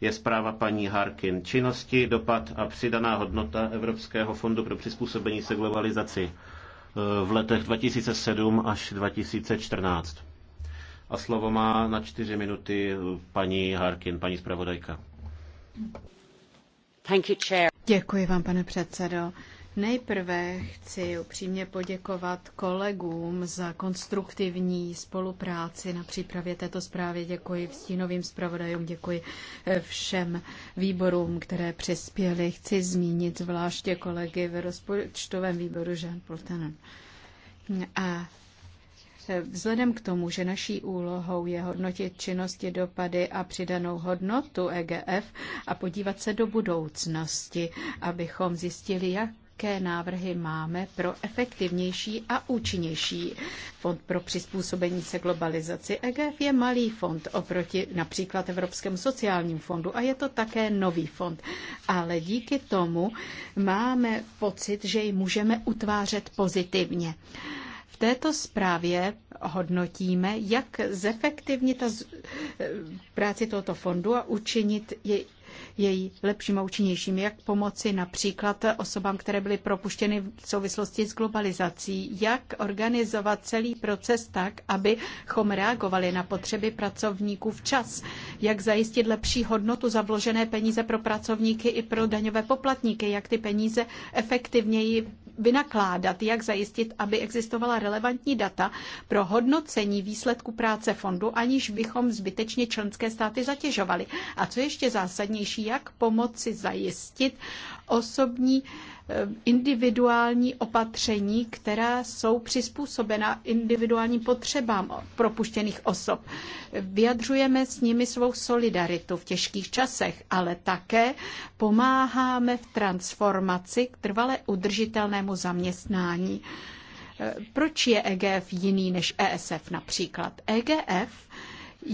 je zpráva paní Harkin. Činnosti, dopad a přidaná hodnota Evropského fondu pro přizpůsobení se globalizaci eh, v letech 2007 až 2014. A slovo má na čtyři minuty paní Harkin, paní zpravodajka. Děkuji vám, pane předsedo. Nejprve chci upřímně poděkovat kolegům za konstruktivní spolupráci na přípravě této zprávy. Děkuji stínovým zpravodajům, děkuji eh, všem výborům, které přispěly. Chci zmínit zvláště kolegy v rozpočtovém výboru Jean Poltanen. A eh, Vzhledem k tomu, že naší úlohou je hodnotit činnosti, dopady a přidanou hodnotu EGF a podívat se do budoucnosti, abychom zjistili, jak jaké návrhy máme pro efektivnější a účinnější fond pro přizpůsobení se globalizaci. EGF je malý fond oproti například Evropskému sociálnímu fondu a je to také nový fond. Ale díky tomu máme pocit, že ji můžeme utvářet pozitivně. V této zprávě hodnotíme, jak zefektivnit práci tohoto fondu a učinit jej její lepším a účinnějším, jak pomoci například osobám, které byly propuštěny v souvislosti s globalizací, jak organizovat celý proces tak, abychom reagovali na potřeby pracovníků včas, jak zajistit lepší hodnotu za vložené peníze pro pracovníky i pro daňové poplatníky, jak ty peníze efektivněji vynakládat, jak zajistit, aby existovala relevantní data pro hodnocení výsledku práce fondu, aniž bychom zbytečně členské státy zatěžovali. A co ještě zásadnější, jak pomoci zajistit osobní individuální opatření, která jsou přizpůsobena individuálním potřebám propuštěných osob. Vyjadřujeme s nimi svou solidaritu v těžkých časech, ale také pomáháme v transformaci k trvale udržitelnému zaměstnání. Proč je EGF jiný než ESF například? EGF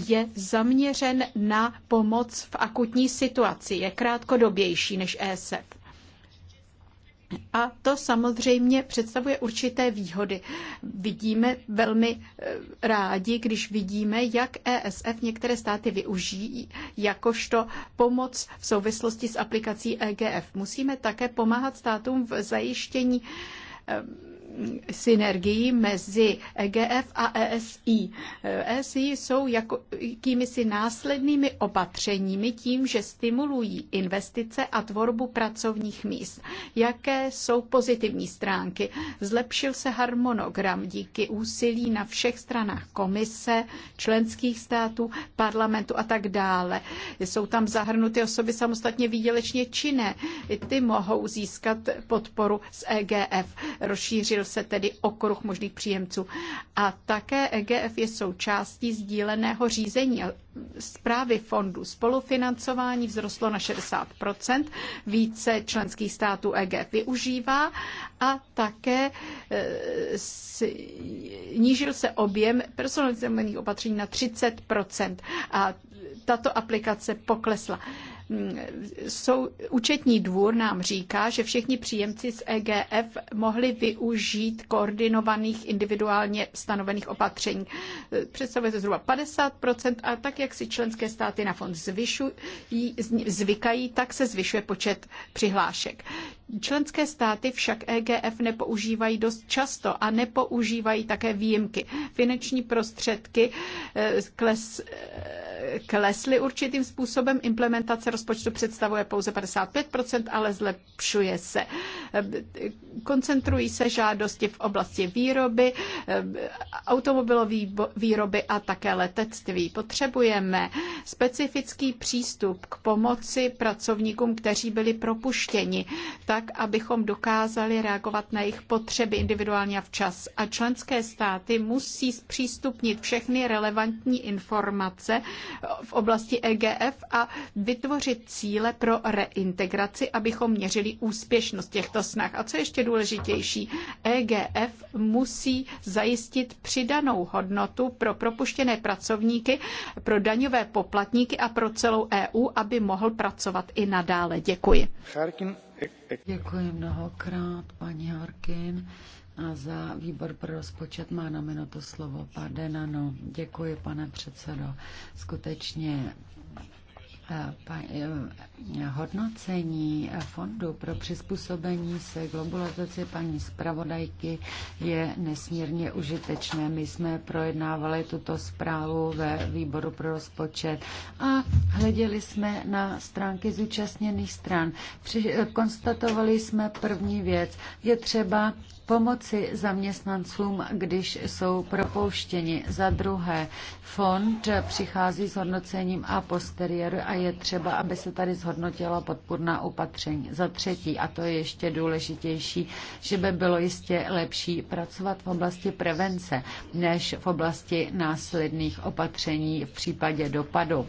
je zaměřen na pomoc v akutní situaci, je krátkodobější než ESF. A to samozřejmě představuje určité výhody. Vidíme velmi eh, rádi, když vidíme, jak ESF některé státy využijí jakožto pomoc v souvislosti s aplikací EGF. Musíme také pomáhat státům v zajištění eh, synergii mezi EGF a ESI. ESI jsou jako jakýmisi následnými opatřeními tím, že stimulují investice a tvorbu pracovních míst. Jaké jsou pozitivní stránky? Zlepšil se harmonogram díky úsilí na všech stranách komise, členských států, parlamentu a tak dále. Jsou tam zahrnuty osoby samostatně výdělečně činné. Ty mohou získat podporu z EGF. Rozšířil Rozšířil se tedy okruh možných příjemců. A také EGF je součástí sdíleného řízení zprávy fondu. Spolufinancování vzrostlo na 60 více členských států EGF využívá a také e, snížil se objem personalizovaných opatření na 30 a tato aplikace poklesla. Sou, účetní dvůr nám říká, že všichni příjemci z EGF mohli využít koordinovaných individuálně stanovených opatření. Představuje se zhruba 50% a tak, jak si členské státy na fond zvyšují, zvykají, tak se zvyšuje počet přihlášek. Členské státy však EGF nepoužívají dost často a nepoužívají také výjimky. Finanční prostředky eh, kles, eh, klesly určitým způsobem. Implementace rozpočtu představuje pouze 55%, ale zlepšuje se. Eh, koncentrují se žádosti v oblasti výroby, automobilové výroby a také letectví. Potřebujeme specifický přístup k pomoci pracovníkům, kteří byli propuštěni. Ta tak, abychom dokázali reagovat na jejich potřeby individuálně a včas. A členské státy musí zpřístupnit všechny relevantní informace v oblasti EGF a vytvořit cíle pro reintegraci, abychom měřili úspěšnost těchto snah. A co ještě důležitější, EGF musí zajistit přidanou hodnotu pro propuštěné pracovníky, pro daňové poplatníky a pro celou EU, aby mohl pracovat i nadále. Děkuji. Děkuji mnohokrát, paní Horkin. A za výbor pro rozpočet má na minutu slovo pan Denano. Děkuji, pane předsedo. Skutečně Eh, eh, hodnocení eh, fondu pro přizpůsobení se globalizaci paní zpravodajky je nesmírně užitečné. My jsme projednávali tuto zprávu ve výboru pro rozpočet a hleděli jsme na stránky zúčastněných stran. Při, konstatovali jsme první věc. Je třeba pomoci zaměstnancům, když jsou propouštěni. Za druhé, fond přichází s hodnocením a posteriori a je třeba, aby se tady zhodnotila podpůrná opatření. Za třetí, a to je ještě důležitější, že by bylo jistě lepší pracovat v oblasti prevence než v oblasti následných opatření v případě dopadu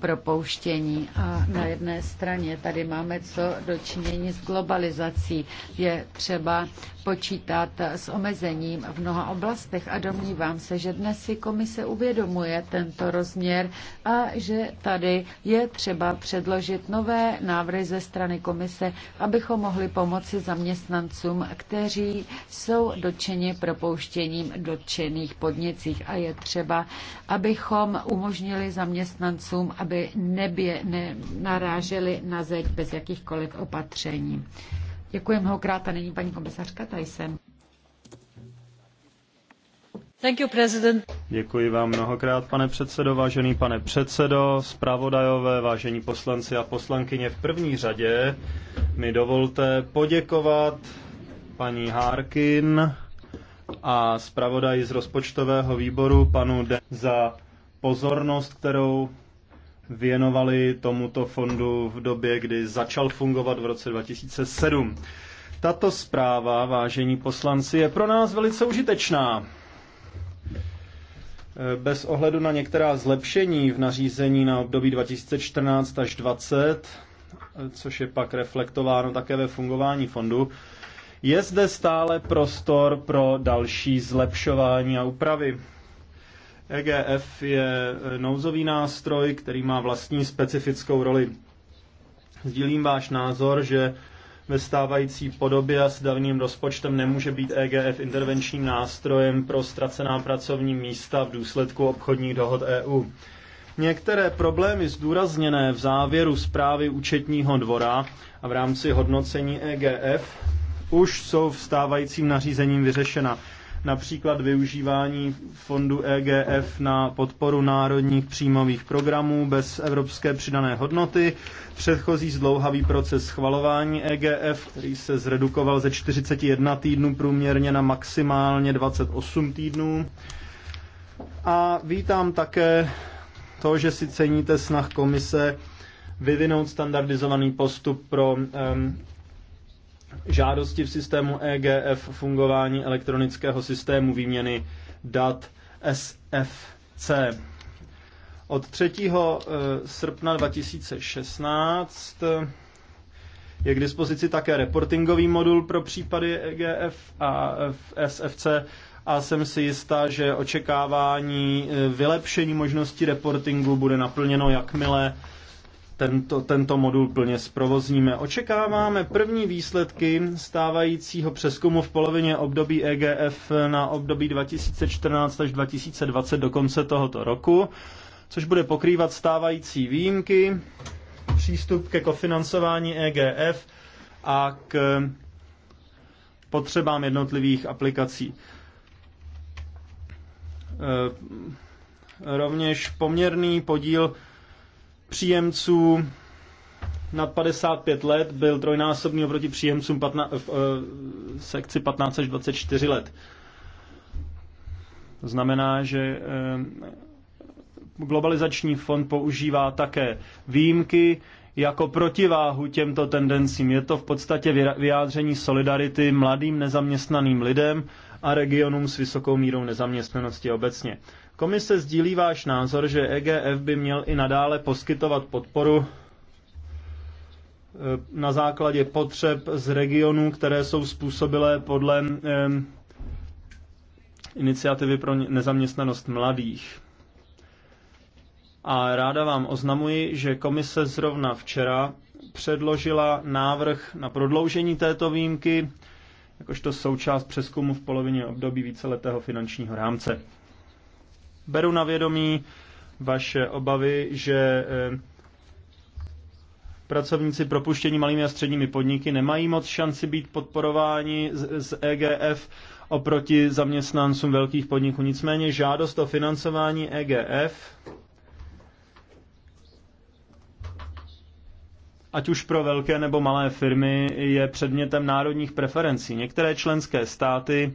propouštění. A na jedné straně tady máme co dočinění s globalizací. Je třeba počítat s omezením v mnoha oblastech a domnívám se, že dnes si komise uvědomuje tento rozměr a že tady je třeba předložit nové návrhy ze strany komise, abychom mohli pomoci zaměstnancům, kteří jsou dotčeni propouštěním dotčených podnicích a je třeba, abychom umožnili zaměstnancům, aby nebě, ne, naráželi na zeď bez jakýchkoliv opatření. Děkuji mnohokrát a nyní paní komisařka Tyson. Thank you, president. Děkuji vám mnohokrát, pane předsedo, vážený pane předsedo, zpravodajové, vážení poslanci a poslankyně. V první řadě mi dovolte poděkovat paní Harkin a zpravodaji z rozpočtového výboru panu De za pozornost, kterou věnovali tomuto fondu v době, kdy začal fungovat v roce 2007. Tato zpráva, vážení poslanci, je pro nás velice užitečná. Bez ohledu na některá zlepšení v nařízení na období 2014 až 2020, což je pak reflektováno také ve fungování fondu, je zde stále prostor pro další zlepšování a úpravy. EGF je e, nouzový nástroj, který má vlastní specifickou roli. Sdílím váš názor, že ve stávající podobě a s davným rozpočtem nemůže být EGF intervenčním nástrojem pro ztracená pracovní místa v důsledku obchodních dohod EU. Některé problémy zdůrazněné v závěru zprávy účetního dvora a v rámci hodnocení EGF už jsou v stávajícím nařízením vyřešena například využívání fondu EGF na podporu národních příjmových programů bez evropské přidané hodnoty. Předchozí zdlouhavý proces schvalování EGF, který se zredukoval ze 41 týdnů průměrně na maximálně 28 týdnů. A vítám také to, že si ceníte snah komise vyvinout standardizovaný postup pro um, žádosti v systému EGF, fungování elektronického systému výměny dat SFC. Od 3. Eh, srpna 2016 je k dispozici také reportingový modul pro případy EGF a SFC a jsem si jistá, že očekávání eh, vylepšení možnosti reportingu bude naplněno, jakmile tento, tento modul plně zprovozníme. Očekáváme první výsledky stávajícího přeskumu v polovině období EGF na období 2014 až 2020 do konce tohoto roku, což bude pokrývat stávající výjimky, přístup ke kofinancování EGF a k potřebám jednotlivých aplikací. E, rovněž poměrný podíl příjemců nad 55 let byl trojnásobný oproti příjemcům patna, v, eh, v sekci 15 až 24 let. To znamená, že eh, globalizační fond používá také výjimky jako protiváhu těmto tendencím. Je to v podstatě vyjádření solidarity mladým nezaměstnaným lidem a regionům s vysokou mírou nezaměstnanosti obecně. Komise sdílí váš názor, že EGF by měl i nadále poskytovat podporu e, na základě potřeb z regionů, které jsou způsobilé podle iniciativy pro nezaměstnanost mladých. A ráda vám oznamuji, že komise zrovna včera předložila návrh na prodloužení této výjimky, jakožto součást přeskumu v polovině období víceletého finančního rámce. Beru na vědomí vaše obavy, že eh, pracovníci propuštění malými a středními podniky nemají moc šanci být podporováni z EGF oproti zaměstnancům velkých podniků. Nicméně žádost o financování EGF, ať už pro velké nebo malé firmy, je předmětem národních preferencí. Některé členské státy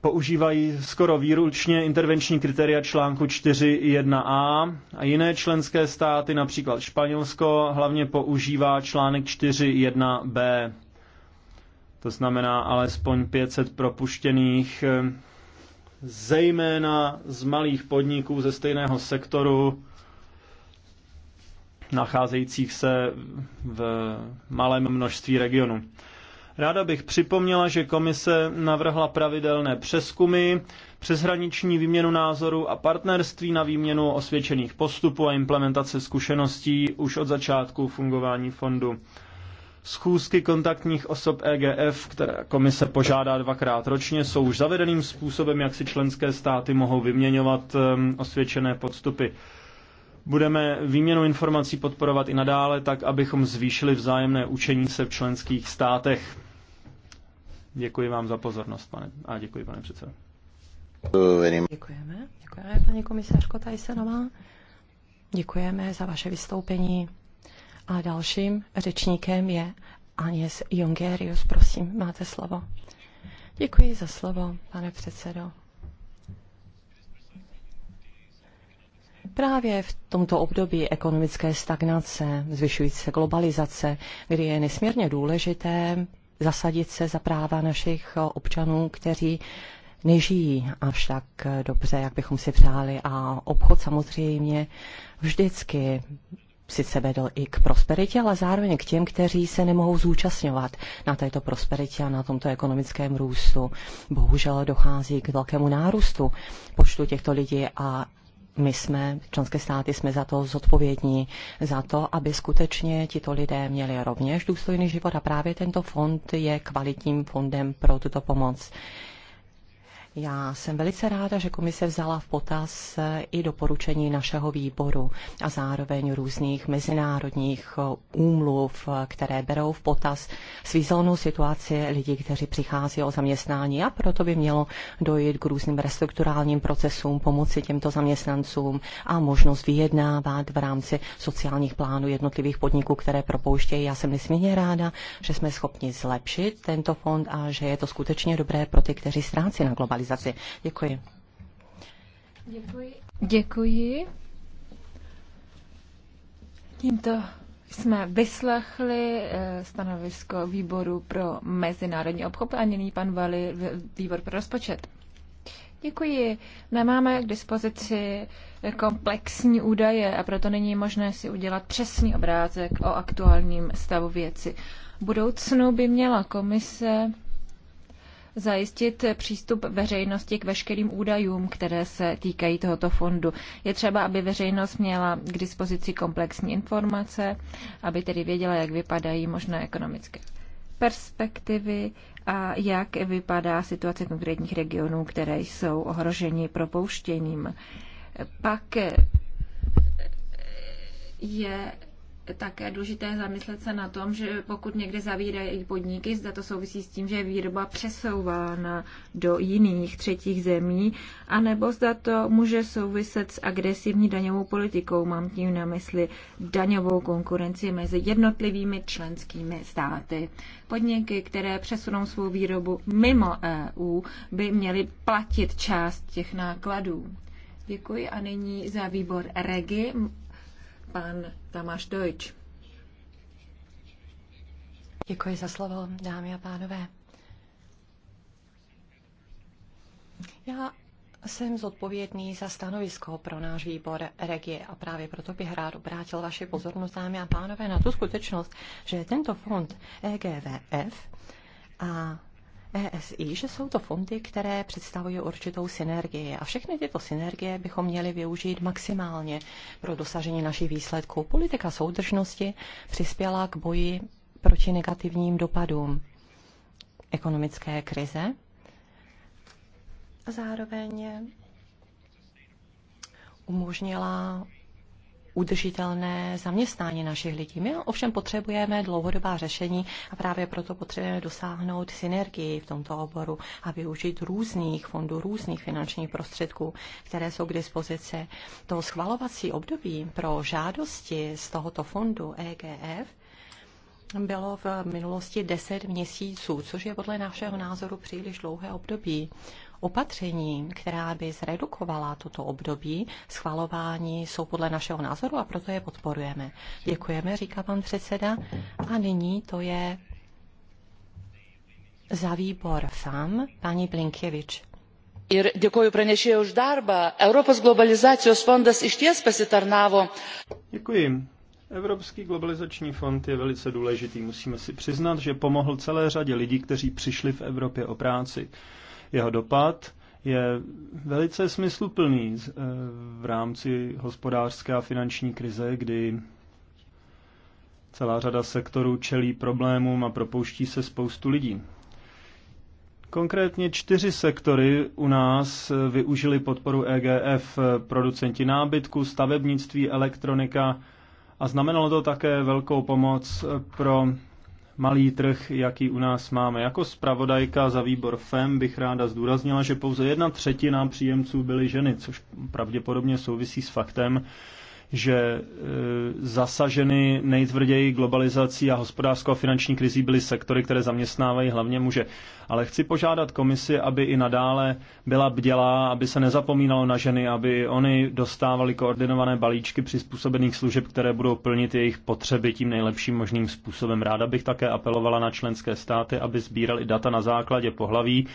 používají skoro výručně intervenční kritéria článku 4.1a a jiné členské státy, například Španělsko, hlavně používá článek 4.1b. To znamená alespoň 500 propuštěných, eh, zejména z malých podniků ze stejného sektoru, nacházejících se v malém množství regionu. Ráda bych připomněla, že komise navrhla pravidelné přeskumy, přeshraniční výměnu názorů a partnerství na výměnu osvědčených postupů a implementace zkušeností už od začátku fungování fondu. Schůzky kontaktních osob EGF, které komise požádá dvakrát ročně, jsou už zavedeným způsobem, jak si členské státy mohou vyměňovat ehm, osvědčené podstupy. Budeme výměnu informací podporovat i nadále, tak abychom zvýšili vzájemné učení se v členských státech. Děkuji vám za pozornost, pane. A děkuji, pane předsedo. Děkujeme. Děkujeme, paní komisařko Tajsenová. Děkujeme za vaše vystoupení. A dalším řečníkem je Agnes Jongerius. Prosím, máte slovo. Děkuji za slovo, pane předsedo. Právě v tomto období ekonomické stagnace, zvyšující se globalizace, kdy je nesmírně důležité zasadit se za práva našich eh, občanů, kteří nežijí avšak eh, dobře, jak bychom si přáli. A obchod samozřejmě vždycky sice vedl i k prosperitě, ale zároveň k těm, kteří se nemohou zúčastňovat na této prosperitě a na tomto ekonomickém růstu. Bohužel dochází k velkému nárůstu počtu těchto lidí a my jsme, členské státy, jsme za to zodpovědní, za to, aby skutečně tito lidé měli rovněž důstojný život a právě tento fond je kvalitním fondem pro tuto pomoc. Já jsem velice ráda, že komise vzala v potaz eh, i doporučení našeho výboru a zároveň různých mezinárodních eh, úmluv, eh, které berou v potaz svízelnou situaci lidí, kteří přichází o zaměstnání a proto by mělo dojít k různým restrukturálním procesům, pomoci těmto zaměstnancům a možnost vyjednávat v rámci sociálních plánů jednotlivých podniků, které propouštějí. Já jsem nesmírně ráda, že jsme schopni zlepšit tento fond a že je to skutečně dobré pro ty, kteří ztrácí na globální realizaci. Děkuji. Děkuji. Děkuji. Tímto jsme vyslechli eh, stanovisko výboru pro mezinárodní obchod a nyní pan Vali, výbor pro rozpočet. Děkuji. Nemáme k dispozici komplexní údaje a proto není možné si udělat přesný obrázek o aktuálním stavu věci. V budoucnu by měla komise zajistit přístup veřejnosti k veškerým údajům, které se týkají tohoto fondu. Je třeba, aby veřejnost měla k dispozici komplexní informace, aby tedy věděla, jak vypadají možné ekonomické perspektivy a jak vypadá situace konkrétních regionů, které jsou ohroženi propouštěním. Pak je také důležité zamyslet se na tom, že pokud někde zavírají podniky, zda to souvisí s tím, že je výroba přesouvána do jiných třetích zemí, anebo zda to může souviset s agresivní daňovou politikou. Mám tím na mysli daňovou konkurenci mezi jednotlivými členskými státy. Podniky, které přesunou svou výrobu mimo EU, by měly platit část těch nákladů. Děkuji a nyní za výbor Regi pan Tamáš Dojč. Děkuji za slovo, dámy a pánové. Já jsem zodpovědný za stanovisko pro náš výbor regie a právě proto bych rád obrátil vaši pozornost, dámy a pánové, na tu skutečnost, že tento fond EGVF a ESI, že jsou to fondy, které představují určitou synergii. A všechny tyto synergie bychom měli využít maximálně pro dosažení našich výsledků. Politika soudržnosti přispěla k boji proti negativním dopadům ekonomické krize. A zároveň umožnila udržitelné zaměstnání našich lidí. My ovšem potřebujeme dlouhodobá řešení a právě proto potřebujeme dosáhnout synergii v tomto oboru a využít různých fondů, různých finančních prostředků, které jsou k dispozici. To schvalovací období pro žádosti z tohoto fondu EGF bylo v minulosti 10 měsíců, což je podle našeho názoru příliš dlouhé období opatření, která by zredukovala toto období schvalování, jsou podle našeho názoru a proto je podporujeme. Děkujeme, říká pan předseda. A nyní to je za výbor FAM paní Blinkěvič. Ir dėkoju pranešėjai už darbą. Europos globalizacijos fondas išties pasitarnavo. Děkuji. Evropský globalizační fond je velice důležitý. Musíme si přiznat, že pomohl celé řadě lidí, kteří přišli v Evropě o práci. Jeho dopad je velice smysluplný eh, v rámci hospodářské a finanční krize, kdy celá řada sektorů čelí problémům a propouští se spoustu lidí. Konkrétně čtyři sektory u nás eh, využili podporu EGF, eh, producenti nábytku, stavebnictví, elektronika a znamenalo to také velkou pomoc pro malý trh, jaký u nás máme. Jako zpravodajka za výbor FEM bych ráda zdůraznila, že pouze jedna třetina příjemců byly ženy, což pravděpodobně souvisí s faktem, že e, zasaženy nejtvrději globalizací a hospodářskou a finanční krizí byly sektory, které zaměstnávají hlavně muže. Ale chci požádat komisi, aby i nadále byla bdělá, aby se nezapomínalo na ženy, aby oni dostávali koordinované balíčky přizpůsobených služeb, které budou plnit jejich potřeby tím nejlepším možným způsobem. Ráda bych také apelovala na členské státy, aby sbírali data na základě pohlaví,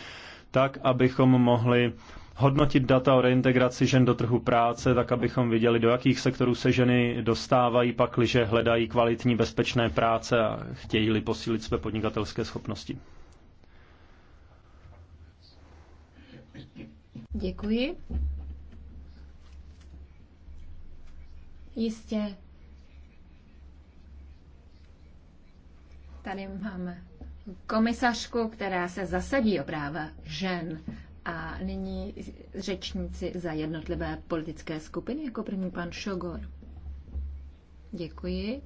tak, abychom mohli hodnotit data o reintegraci žen do trhu práce, tak abychom viděli, do jakých sektorů se ženy dostávají, pak, pakliže hledají kvalitní, bezpečné práce a chtějí-li posílit své podnikatelské schopnosti. Děkuji. Jistě. Tady máme komisařku, která se zasadí o práva žen. A nyní řečníci za jednotlivé politické skupiny, jako první pan Šogor. Děkuji.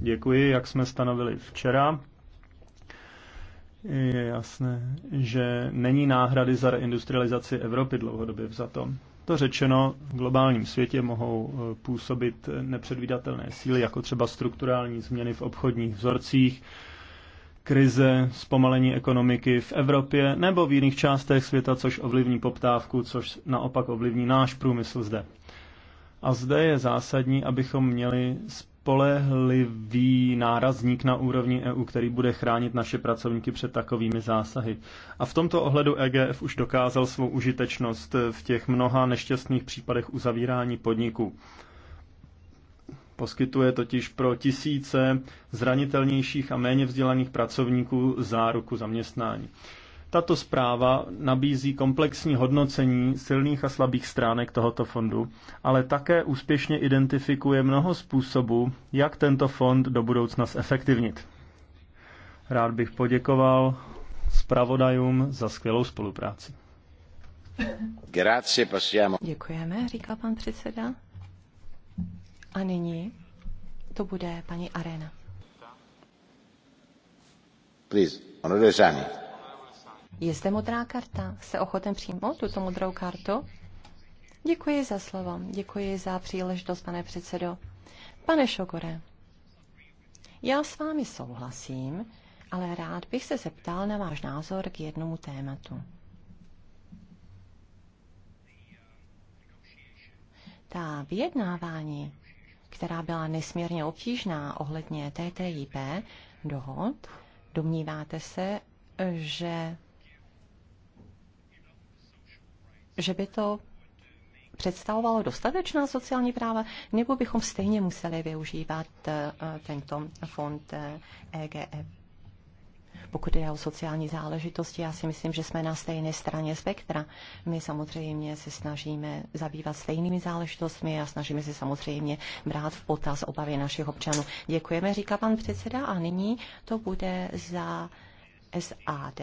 Děkuji, jak jsme stanovili včera. Je jasné, že není náhrady za reindustrializaci Evropy dlouhodobě to. To řečeno, v globálním světě mohou e, působit nepředvídatelné síly, jako třeba strukturální změny v obchodních vzorcích, krize, zpomalení ekonomiky v Evropě nebo v jiných částech světa, což ovlivní poptávku, což naopak ovlivní náš průmysl zde. A zde je zásadní, abychom měli spolehlivý nárazník na úrovni EU, který bude chránit naše pracovníky před takovými zásahy. A v tomto ohledu EGF už dokázal svou užitečnost v těch mnoha nešťastných případech uzavírání podniků. Poskytuje totiž pro tisíce zranitelnějších a méně vzdělaných pracovníků záruku zaměstnání. Tato zpráva nabízí komplexní hodnocení silných a slabých stránek tohoto fondu, ale také úspěšně identifikuje mnoho způsobů, jak tento fond do budoucna zefektivnit. Rád bych poděkoval zpravodajům za skvělou spolupráci. Děkujeme, říkal pan předseda. A nyní to bude paní Arena. Please, Je zde modrá karta. Se ochoten přijmout tuto modrou kartu? Děkuji za slovo. Děkuji za příležitost, pane předsedo. Pane Šokore, já s vámi souhlasím, ale rád bych se zeptal na váš názor k jednomu tématu. Ta vyjednávání která byla nesmírně obtížná ohledně TTIP dohod, domníváte se, že, že by to představovalo dostatečná sociální práva, nebo bychom stejně museli využívat eh, tento fond EGF? Eh, e e pokud je o sociální záležitosti, já si myslím, že jsme na stejné straně spektra. My samozřejmě se snažíme zabývat stejnými záležitostmi a snažíme se samozřejmě brát v potaz obavy našich občanů. Děkujeme, říká pan předseda, a nyní to bude za SAD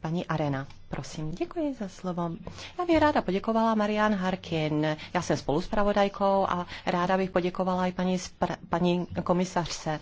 paní Arena. Prosím, děkuji za slovo. Já bych ráda poděkovala Marian Harkin. Já jsem spolu s a ráda bych poděkovala i paní, paní komisařce.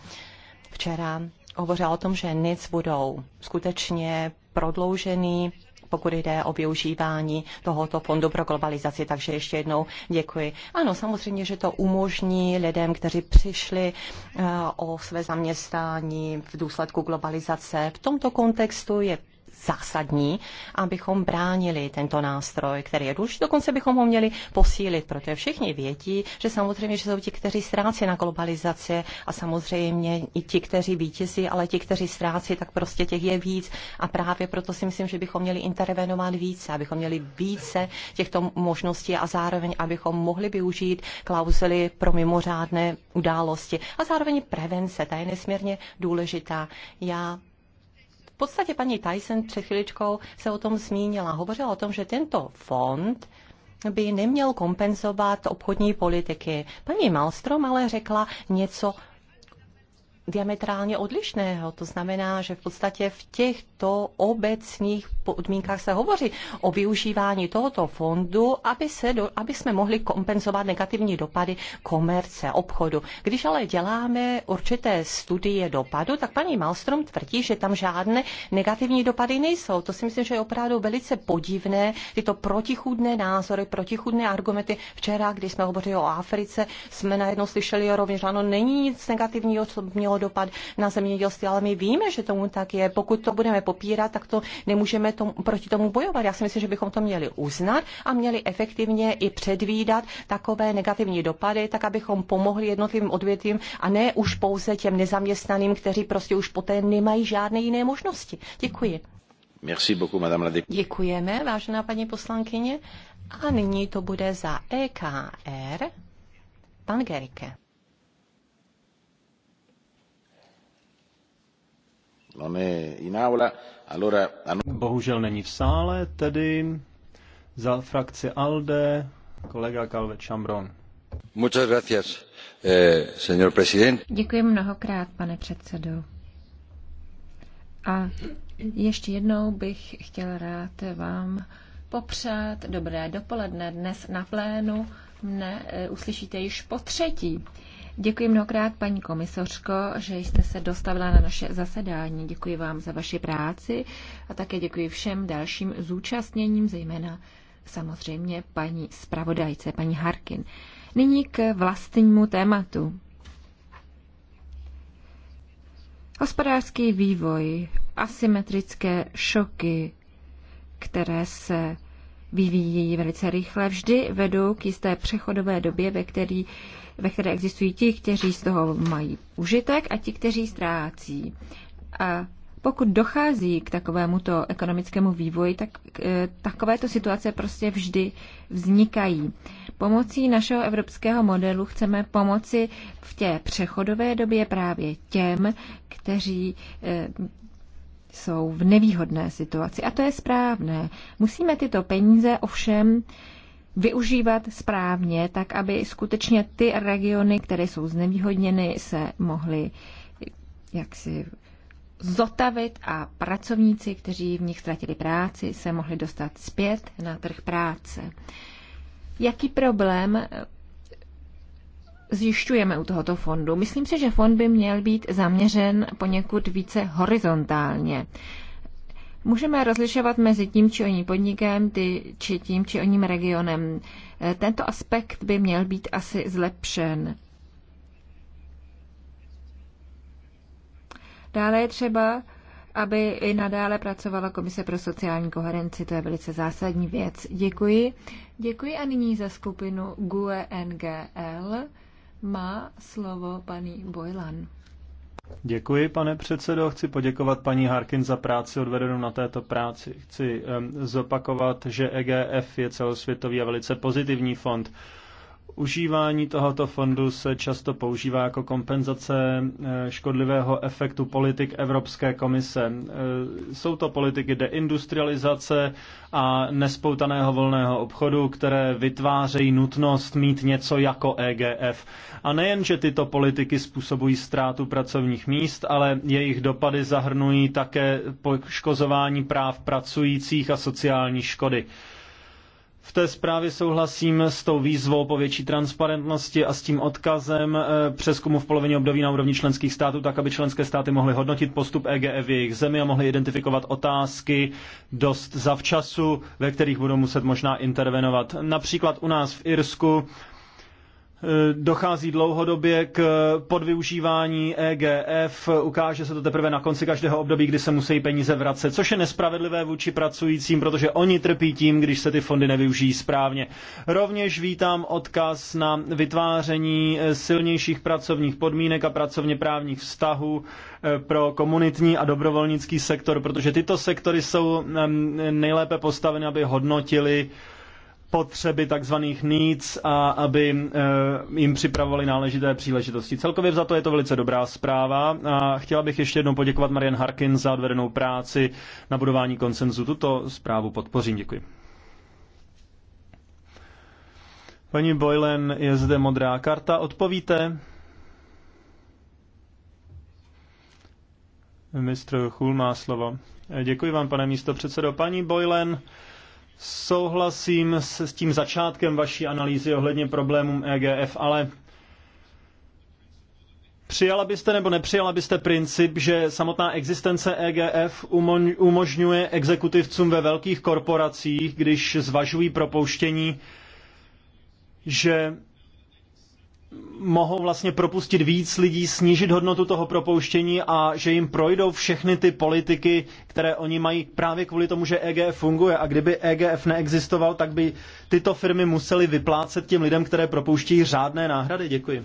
Včera hovořila o tom, že NIC budou skutečně prodloužený pokud jde o využívání tohoto fondu pro globalizaci. Takže ještě jednou děkuji. Ano, samozřejmě, že to umožní lidem, kteří přišli eh, o své zaměstnání v důsledku globalizace. V tomto kontextu je zásadní, abychom bránili tento nástroj, který je důležitý. Dokonce bychom ho měli posílit, protože všichni vědí, že samozřejmě, že jsou ti, kteří ztrácí na globalizaci a samozřejmě i ti, kteří vítězí, ale ti, kteří ztrácí, tak prostě těch je víc. A právě proto si myslím, že bychom měli intervenovat více, abychom měli více těchto možností a zároveň, abychom mohli využít klauzely pro mimořádné události. A zároveň prevence, ta je nesmírně důležitá. Já podstatě paní Tyson před chviličkou se o tom zmínila. Hovořila o tom, že tento fond by neměl kompenzovat obchodní politiky. Paní Malstrom ale řekla něco diametrálně odlišného. To znamená, že v podstatě v těchto obecných podmínkách se hovoří o využívání tohoto fondu, aby, se do, aby jsme mohli kompenzovat negativní dopady komerce, obchodu. Když ale děláme určité studie dopadu, tak paní Malstrom tvrdí, že tam žádné negativní dopady nejsou. To si myslím, že je opravdu velice podivné, tyto protichudné názory, protichudné argumenty. Včera, když jsme hovořili o Africe, jsme najednou slyšeli rovněž, ano, není nic negativního, co mělo mělo dopad na zemědělství, ale my víme, že tomu tak je. Pokud to budeme popírat, tak to nemůžeme tomu, proti tomu bojovat. Já si myslím, že bychom to měli uznat a měli efektivně i předvídat takové negativní dopady, tak abychom pomohli jednotlivým odvětvím a ne už pouze těm nezaměstnaným, kteří prostě už poté nemají žádné jiné možnosti. Děkuji. Merci beaucoup, madame la Děkujeme, vážená paní poslankyně. A nyní to bude za EKR pan Gerike. Bohužel není v sále, tedy za frakci ALDE kolega Calvet Chambron. Eh, Děkuji mnohokrát, pane předsedo. A ještě jednou bych chtěl rád vám popřát dobré dopoledne. Dnes na plénu mne eh, uslyšíte již po třetí. Děkuji mnohokrát, paní komisořko, že jste se dostavila na naše zasedání. Děkuji vám za vaši práci a také děkuji všem dalším zúčastněním, zejména samozřejmě paní zpravodajce, paní Harkin. Nyní k vlastnímu tématu. Hospodářský vývoj, asymetrické šoky, které se vyvíjí velice rychle, vždy vedou k jisté přechodové době, ve, který, ve které existují ti, kteří z toho mají užitek a ti, kteří ztrácí. A pokud dochází k takovémuto ekonomickému vývoji, tak eh, takovéto situace prostě vždy vznikají. Pomocí našeho evropského modelu chceme pomoci v té přechodové době právě těm, kteří eh, jsou v nevýhodné situaci. A to je správné. Musíme tyto peníze ovšem využívat správně, tak aby skutečně ty regiony, které jsou znevýhodněny, se mohly jaksi zotavit a pracovníci, kteří v nich ztratili práci, se mohli dostat zpět na trh práce. Jaký problém zjišťujeme u tohoto fondu? Myslím si, že fond by měl být zaměřen poněkud více horizontálně. Můžeme rozlišovat mezi tím či oním podnikem, ty, či tím či oním regionem. Eh, tento aspekt by měl být asi zlepšen. Dále je třeba, aby i nadále pracovala Komise pro sociální koherenci. To je velice zásadní věc. Děkuji. Děkuji a nyní za skupinu GUE NGL má slovo paní Bojlan. Děkuji, pane předsedo. Chci poděkovat paní Harkin za práci odvedenou na této práci. Chci um, zopakovat, že EGF je celosvětový a velice pozitivní fond. Užívání tohoto fondu se často používá jako kompenzace eh, škodlivého efektu politik Evropské komise. Eh, jsou to politiky deindustrializace a nespoutaného volného obchodu, které vytvářejí nutnost mít něco jako EGF. A nejen, že tyto politiky způsobují ztrátu pracovních míst, ale jejich dopady zahrnují také poškozování práv pracujících a sociální škody. V té zprávě souhlasím s tou výzvou po větší transparentnosti a s tím odkazem eh, přeskumu v polovině období na úrovni členských států, tak aby členské státy mohly hodnotit postup EGF v jejich zemi a mohly identifikovat otázky dost zavčasu, ve kterých budou muset možná intervenovat. Například u nás v Irsku Eh, dochází dlouhodobě k podvyužívání EGF, ukáže se to teprve na konci každého období, kdy se musí peníze vracet, což je nespravedlivé vůči pracujícím, protože oni trpí tím, když se ty fondy nevyužijí správně. Rovněž vítám odkaz na vytváření eh, silnějších pracovních podmínek a pracovně právních vztahů eh, pro komunitní a dobrovolnický sektor, protože tyto sektory jsou nejlépe postaveny, aby hodnotili potřeby tzv. needs a aby eh, jim připravovali náležité příležitosti. Celkově za to je to velice dobrá zpráva a chtěla bych ještě jednou poděkovat Marian Harkin za odvedenou práci na budování konsenzu. Tuto zprávu podpořím. Děkuji. Paní Boylen, je zde modrá karta. Odpovíte? Mistr Chul má slovo. Děkuji vám, pane místo předsedo. Paní Boylen, Souhlasím s, s tím začátkem vaší analýzy ohledně problémů EGF, ale Přijala byste nebo nepřijala byste princip, že samotná existence EGF umožňuje exekutivcům ve velkých korporacích, když zvažují propouštění, že mohou vlastně propustit víc lidí, snížit hodnotu toho propouštění a že jim projdou všechny ty politiky, které oni mají právě kvůli tomu, že EGF funguje. A kdyby EGF neexistoval, tak by tyto firmy musely vyplácet těm lidem, které propouštějí řádné náhrady. Děkuji.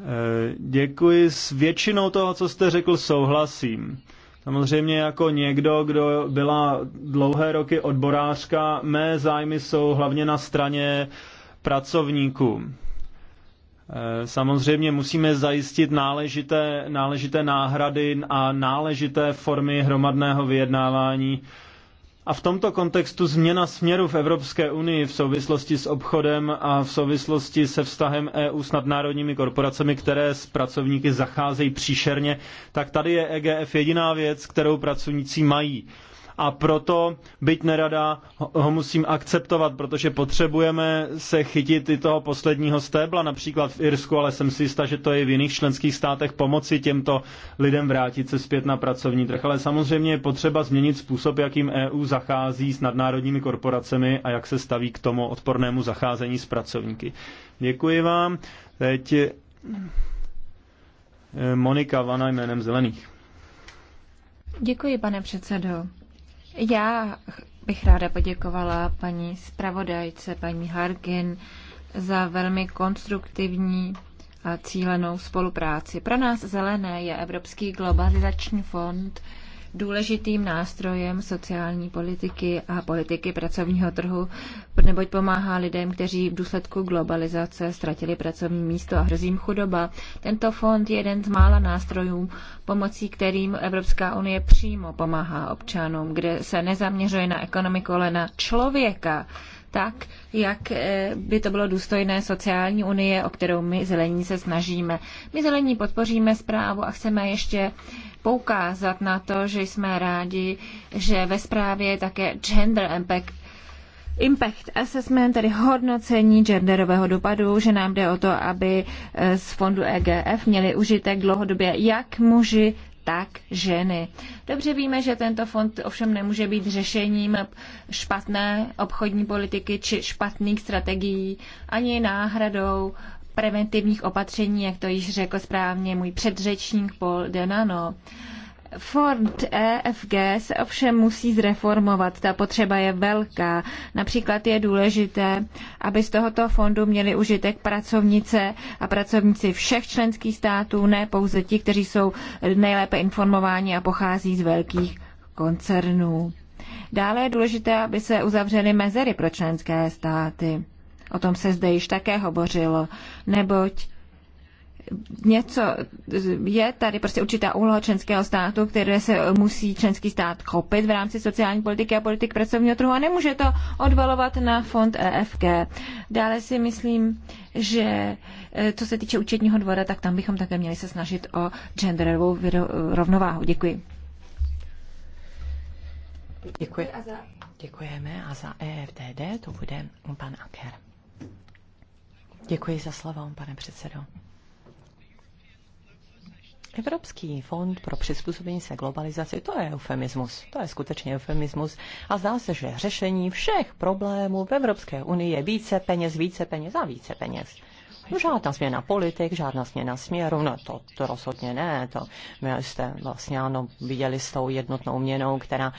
Eh, děkuji. S většinou toho, co jste řekl, souhlasím. Samozřejmě jako někdo, kdo byla dlouhé roky odborářka, mé zájmy jsou hlavně na straně uh, pracovníků. Eh, samozřejmě musíme zajistit náležité, náležité náhrady a náležité formy hromadného vyjednávání. A v tomto kontextu změna směru v Evropské unii v souvislosti s obchodem a v souvislosti se vztahem EU s nadnárodními korporacemi, které s pracovníky zacházejí příšerně, tak tady je EGF jediná věc, kterou pracovníci mají a proto, byť nerada, ho musím akceptovat, protože potřebujeme se chytit i toho posledního stébla, například v Irsku, ale jsem si jistá, že to je v jiných členských státech pomoci těmto lidem vrátit se zpět na pracovní trh. Ale samozřejmě je potřeba změnit způsob, jakým EU zachází s nadnárodními korporacemi a jak se staví k tomu odpornému zacházení s pracovníky. Děkuji vám. Teď eh, Monika Vana jménem Zelených. Děkuji, pane předsedo. Já bych ráda poděkovala paní zpravodajce, paní Hargin, za velmi konstruktivní a cílenou spolupráci. Pro nás zelené je Evropský globalizační fond důležitým nástrojem sociální politiky a politiky pracovního trhu, neboť pomáhá lidem, kteří v důsledku globalizace ztratili pracovní místo a hrozí jim chudoba. Tento fond je jeden z mála nástrojů, pomocí kterým Evropská unie přímo pomáhá občanům, kde se nezaměřuje na ekonomiku, ale na člověka tak, jak eh, by to bylo důstojné sociální unie, o kterou my zelení se snažíme. My zelení podpoříme zprávu a chceme ještě poukázat na to, že jsme rádi, že ve zprávě je také gender impact Impact assessment, tedy hodnocení genderového dopadu, že nám jde o to, aby eh, z fondu EGF měli užitek dlouhodobě jak muži, tak ženy. Dobře víme, že tento fond ovšem nemůže být řešením špatné obchodní politiky či špatných strategií, ani náhradou preventivních opatření, jak to již řekl správně můj předřečník Paul Denano. Ford EFG se ovšem musí zreformovat, ta potřeba je velká. Například je důležité, aby z tohoto fondu měli užitek pracovnice a pracovníci všech členských států, ne pouze ti, kteří jsou nejlépe informováni a pochází z velkých koncernů. Dále je důležité, aby se uzavřely mezery pro členské státy. O tom se zde již také hovořilo, neboť něco, je tady prostě určitá úloha členského státu, které se musí členský stát kopit v rámci sociální politiky a politik pracovního trhu a nemůže to odvalovat na fond EFG. Dále si myslím, že eh, co se týče účetního dvora, tak tam bychom také měli se snažit o genderovou rovnováhu. Děkuji. Děkuji. Děkujeme a za EFTD to bude pan Aker. Děkuji za slovo, pane předsedo. Evropský fond pro přizpůsobení se globalizaci, to je eufemismus. To je skutečně eufemismus. A zdá se, že řešení všech problémů v Evropské unii je více peněz, více peněz a více peněz. No, žádná změna politik, žádná změna směru, no to, to rozhodně ne. To my jste vlastně ano, viděli s tou jednotnou měnou, která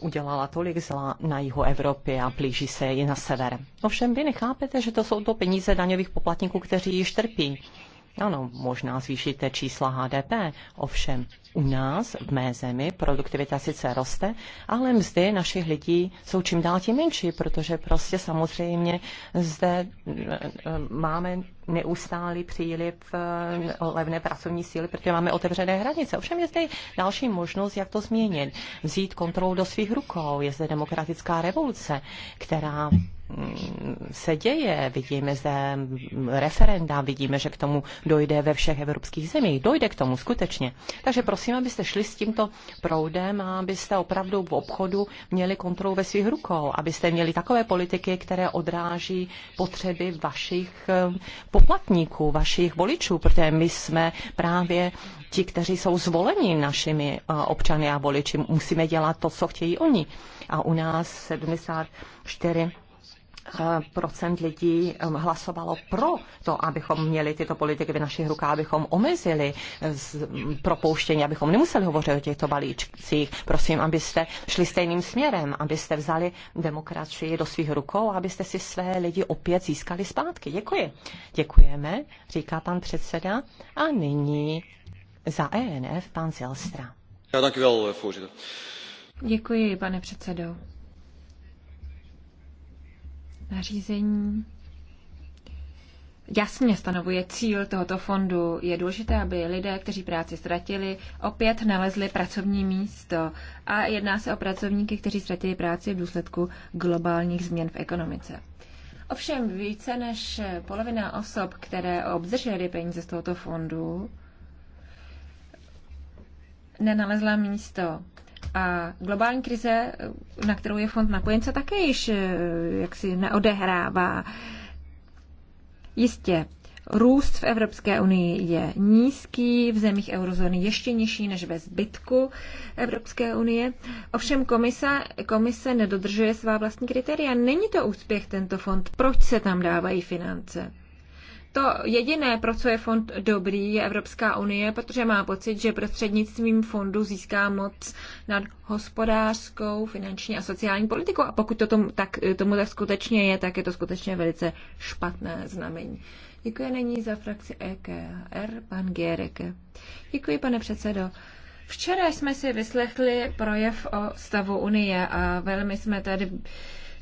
udělala tolik zla na jihu Evropy a plíží se i na sever. Ovšem vy nechápete, že to jsou to peníze daňových poplatníků, kteří již trpí. Ano, možná zvýšíte čísla HDP, ovšem u nás, v mé zemi, produktivita sice roste, ale mzdy našich lidí jsou čím dál tím menší, protože prostě samozřejmě zde eh, eh, máme neustálý příliv eh, levné pracovní síly, protože máme otevřené hranice. Ovšem je zde další možnost, jak to změnit. Vzít kontrolu do svých rukou. Je zde demokratická revoluce, která se děje. Vidíme zde referenda, vidíme, že k tomu dojde ve všech evropských zemích. Dojde k tomu skutečně. Takže prosím, abyste šli s tímto proudem a abyste opravdu v obchodu měli kontrolu ve svých rukou, abyste měli takové politiky, které odráží potřeby vašich eh, poplatníků, vašich voličů, protože my jsme právě ti, kteří jsou zvoleni našimi eh, občany a voliči. Musíme dělat to, co chtějí oni. A u nás 74 procent lidí um, hlasovalo pro to, abychom měli tyto politiky v našich rukách, abychom omezili eh, propouštění, abychom nemuseli hovořit o těchto balíčcích. Prosím, abyste šli stejným směrem, abyste vzali demokracii do svých rukou, abyste si své lidi opět získali zpátky. Děkuji. Děkujeme, říká pan předseda. A nyní za ENF pan Zelstra. Eh, Děkuji, pane předsedo. Nařízení jasně stanovuje cíl tohoto fondu. Je důležité, aby lidé, kteří práci ztratili, opět nalezli pracovní místo. A jedná se o pracovníky, kteří ztratili práci v důsledku globálních změn v ekonomice. Ovšem více než polovina osob, které obdržely peníze z tohoto fondu, nenalezla místo. A globální krize, na kterou je fond napojen, se také již eh, jaksi neodehrává. Jistě, růst v Evropské unii je nízký, v zemích eurozóny ještě nižší než ve zbytku Evropské unie. Ovšem komisa, komise nedodržuje svá vlastní kritéria. Není to úspěch tento fond. Proč se tam dávají finance? To jediné, pro co je fond dobrý, je Evropská unie, protože má pocit, že prostřednictvím fondu získá moc nad hospodářskou, finanční a sociální politikou. A pokud to tomu tak, tomu tak skutečně je, tak je to skutečně velice špatné znamení. Děkuji není za frakci EKR, pan Gereke. Děkuji, pane předsedo. Včera jsme si vyslechli projev o stavu Unie a velmi jsme tady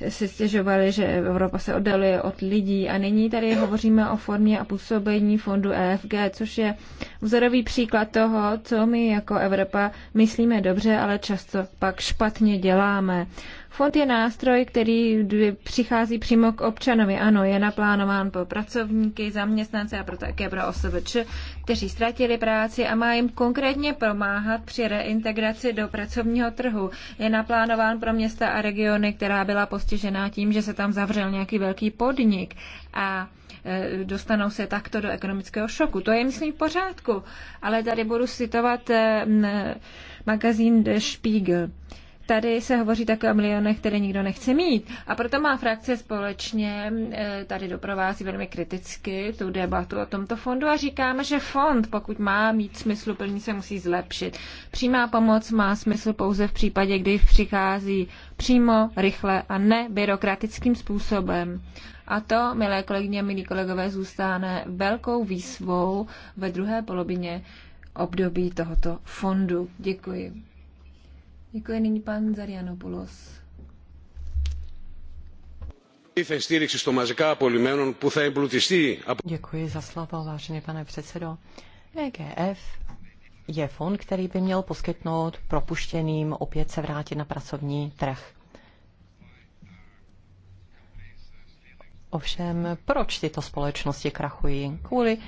si stěžovali, že Evropa se oddaluje od lidí. A nyní tady hovoříme o formě a působení fondu EFG, což je vzorový příklad toho, co my jako Evropa myslíme dobře, ale často pak špatně děláme. Fond je nástroj, který přichází přímo k občanovi. Ano, je naplánován pro pracovníky, zaměstnance a pro také pro OSVČ, kteří ztratili práci a má jim konkrétně pomáhat při reintegraci do pracovního trhu. Je naplánován pro města a regiony, která byla postižená tím, že se tam zavřel nějaký velký podnik. A e, dostanou se takto do ekonomického šoku. To je, myslím, v pořádku. Ale tady budu citovat e, magazín The Spiegel. Tady se hovoří také o milionech, které nikdo nechce mít. A proto má frakce společně eh, tady doprovází velmi kriticky tu debatu o tomto fondu a říkáme, že fond, pokud má mít smysl, plní se musí zlepšit. Přímá pomoc má smysl pouze v případě, kdy přichází přímo, rychle a ne byrokratickým způsobem. A to, milé kolegyně a milí kolegové, zůstane velkou výzvou ve druhé polovině období tohoto fondu. Děkuji. Děkuji nyní pan Zarianopoulos. Děkuji za slovo, vážený pane předsedo. EGF je fond, který by měl poskytnout propuštěným opět se vrátit na pracovní trh. Ovšem, proč tyto společnosti krachují? Kvůli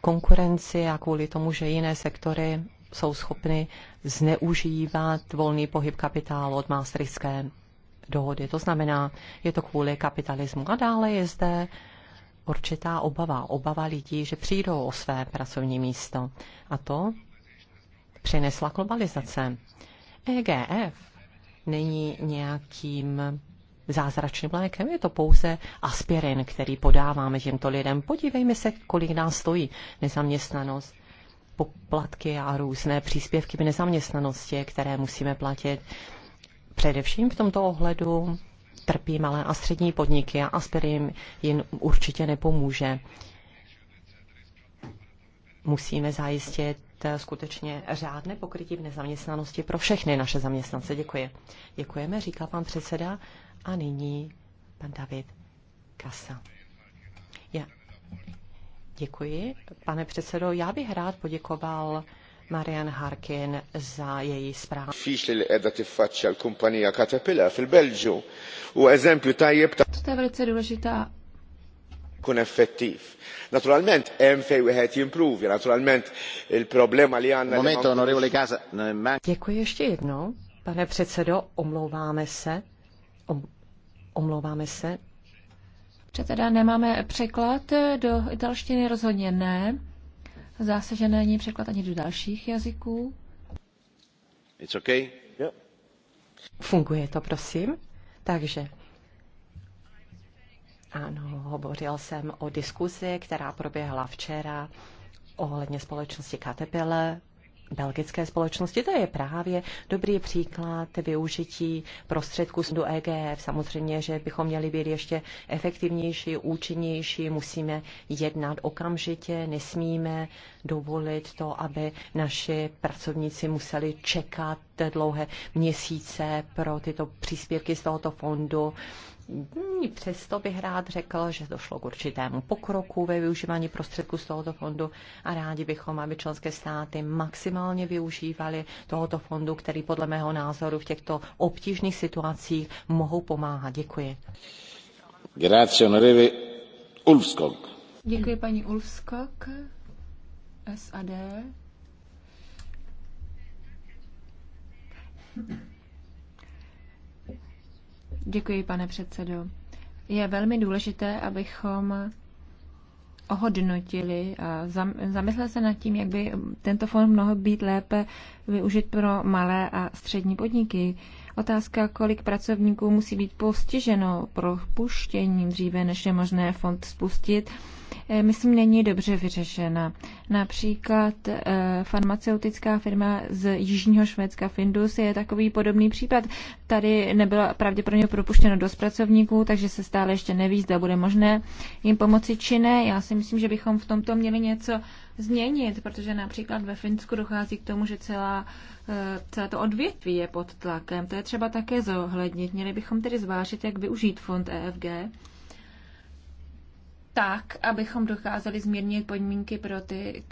konkurenci a kvůli tomu, že jiné sektory jsou schopny zneužívat volný pohyb kapitálu od Maastrichtské dohody. To znamená, je to kvůli kapitalismu. A dále je zde určitá obava, obava lidí, že přijdou o své pracovní místo. A to přinesla globalizace. EGF není nějakým zázračným lékem, je to pouze aspirin, který podáváme těmto lidem. Podívejme se, kolik nás stojí nezaměstnanost poplatky a různé příspěvky v nezaměstnanosti, které musíme platit. Především v tomto ohledu trpí malé a střední podniky a Aspirin jim určitě nepomůže. Musíme zajistit skutečně řádné pokrytí v nezaměstnanosti pro všechny naše zaměstnance. Děkuji. Děkujeme, říká pan předseda. A nyní pan David Kasa. Já, Děkuji. Pane předsedo, já bych rád poděkoval Marian Harkin za její zprávu. To je velice důležitá kun effettiv. Naturalment hemm fejn wieħed jimpruvja, naturalment il-problema li għandna. Moment, onorevole Casa. Děkuji ještě jednou. Pane předsedo, omlouváme se. Om, omlouváme se. Předseda, nemáme překlad do italštiny, rozhodně ne. Zdá se, že není překlad ani do dalších jazyků. It's okay. Yeah. Funguje to, prosím. Takže ano, hovořil jsem o diskuzi, která proběhla včera ohledně společnosti Caterpillar belgické společnosti. To je právě dobrý příklad využití prostředků do EGF. Samozřejmě, že bychom měli být ještě efektivnější, účinnější, musíme jednat okamžitě, nesmíme dovolit to, aby naši pracovníci museli čekat dlouhé měsíce pro tyto příspěvky z tohoto fondu Hmm, přesto bych rád řekl, že došlo k určitému pokroku ve využívání prostředků z tohoto fondu a rádi bychom, aby členské státy maximálně využívali tohoto fondu, který podle mého názoru v těchto obtížných situacích mohou pomáhat. Děkuji. Ulfskog. Děkuji, paní Ulfskog, SAD. Děkuji, pane předsedo. Je velmi důležité, abychom ohodnotili a zamysleli se nad tím, jak by tento fond mohl být lépe využit pro malé a střední podniky. Otázka, kolik pracovníků musí být postiženo propuštěním dříve, než je možné fond spustit, Eh, myslím, není dobře vyřešena. Například eh, farmaceutická firma z Jižního Švédska Findus je takový podobný případ. Tady nebylo pravděpodobně propuštěno dost pracovníků, takže se stále ještě neví, zda bude možné jim pomoci či ne. Já si myslím, že bychom v tomto měli něco změnit, protože například ve Finsku dochází k tomu, že celá, eh, celá to odvětví je pod tlakem. To je třeba také zohlednit. Měli bychom tedy zvážit, jak využít fond EFG tak, abychom dokázali zmírnit podmínky pro ty,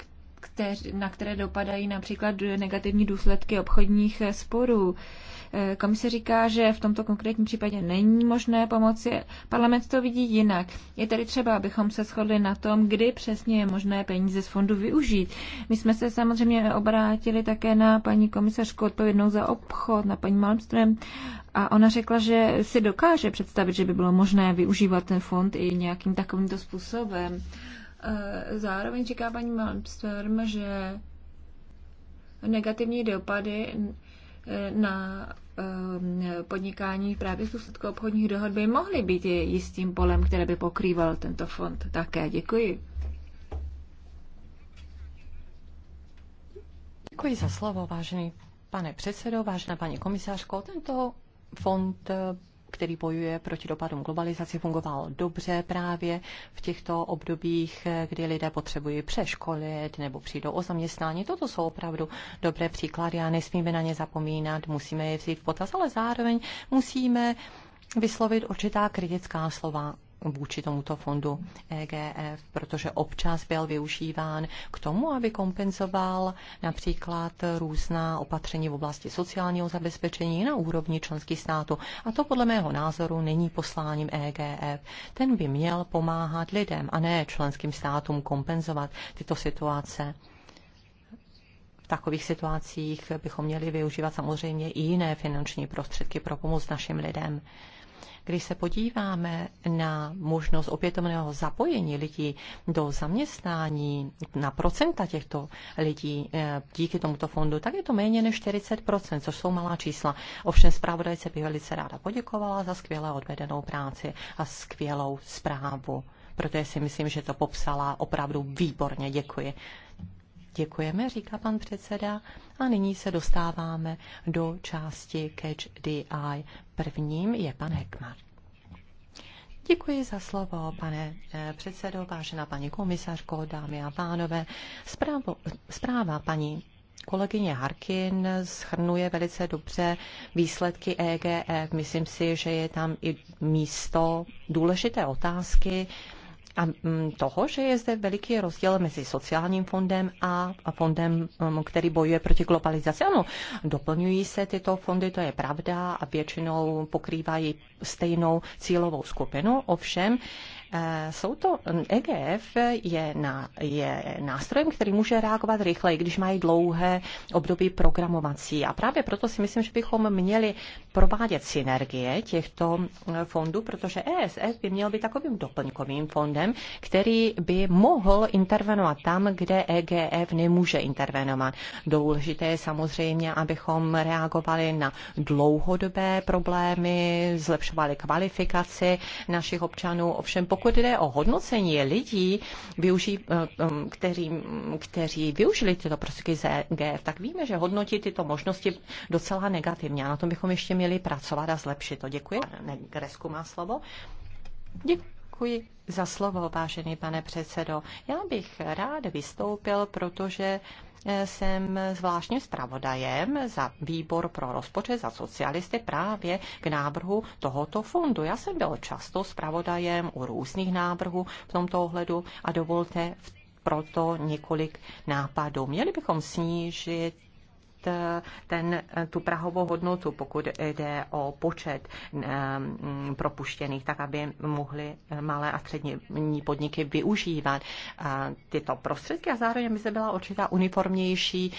kteř, na které dopadají například negativní důsledky obchodních sporů. Eh, komise říká, že v tomto konkrétním případě není možné pomoci. Parlament to vidí jinak. Je tedy třeba, abychom se shodli na tom, kdy přesně je možné peníze z fondu využít. My jsme se samozřejmě obrátili také na paní komisařku odpovědnou za obchod, na paní Malmström, a ona řekla, že si dokáže představit, že by bylo možné využívat ten fond i nějakým takovýmto způsobem. Eh, zároveň říká paní Malmström, že negativní dopady na eh, podnikání právě z důsledku obchodních dohod by mohly být jistým polem, které by pokrýval tento fond také. Děkuji. Děkuji za slovo, vážený pane předsedo, vážená paní komisářko. Tento fond eh, který bojuje proti dopadům globalizace, fungoval dobře právě v těchto obdobích, kdy lidé potřebují přeškolit nebo přijdou o zaměstnání. Toto jsou opravdu dobré příklady a nesmíme na ně zapomínat, musíme je vzít v potaz, ale zároveň musíme vyslovit určitá kritická slova vůči tomuto fondu EGF, protože občas byl využíván k tomu, aby kompenzoval například různá opatření v oblasti sociálního zabezpečení na úrovni členských států. A to podle mého názoru není posláním EGF. Ten by měl pomáhat lidem a ne členským státům kompenzovat tyto situace takových situacích bychom měli využívat samozřejmě i jiné finanční prostředky pro pomoc našim lidem. Když se podíváme na možnost opětovného zapojení lidí do zaměstnání, na procenta těchto lidí eh, díky tomuto fondu, tak je to méně než 40%, což jsou malá čísla. Ovšem zpravodajce by velice ráda poděkovala za skvěle odvedenou práci a skvělou zprávu protože si myslím, že to popsala opravdu výborně. Děkuji. Děkujeme, říká pan předseda. A nyní se dostáváme do části Catch DI. Prvním je pan Hekmar. Děkuji za slovo, pane eh, předsedo, vážená paní komisařko, dámy a pánové. Zprávo, zpráva paní kolegyně Harkin schrnuje velice dobře výsledky EGF. E. Myslím si, že je tam i místo důležité otázky, a mm, toho, že je zde veliký rozdíl mezi sociálním fondem a fondem, mm, který bojuje proti globalizaci. Ano, doplňují se tyto fondy, to je pravda, a většinou pokrývají stejnou cílovou skupinu, ovšem Eh, jsou to, EGF eh, e je, na, je nástrojem, který může reagovat rychleji, když mají dlouhé období programovací. A právě proto si myslím, že bychom měli provádět synergie těchto eh, fondů, protože ESF by měl být takovým doplňkovým fondem, který by mohl intervenovat tam, kde EGF nemůže intervenovat. Důležité je samozřejmě, abychom reagovali na dlouhodobé problémy, zlepšovali kvalifikaci našich občanů. Ovšem, pokud pokud jde o hodnocení lidí, využí, eh, eh, kteří, kteří využili tyto prostředky z EGF, tak víme, že hodnotí tyto možnosti docela negativně. A na tom bychom ještě měli pracovat a zlepšit to. Děkuji. Gresku má slovo. Děkuji. Děkuji za slovo, vážený pane předsedo. Já bych rád vystoupil, protože eh, jsem zvláštním zpravodajem za výbor pro rozpočet za socialisty právě k návrhu tohoto fondu. Já jsem byl často zpravodajem u různých návrhů v tomto ohledu a dovolte proto několik nápadů. Měli bychom snížit Eh, ten, eh, tu prahovou hodnotu, pokud jde o počet eh, mm, propuštěných, tak aby mohly malé a střední podniky využívat tyto prostředky a zároveň by se byla určitá uniformnější,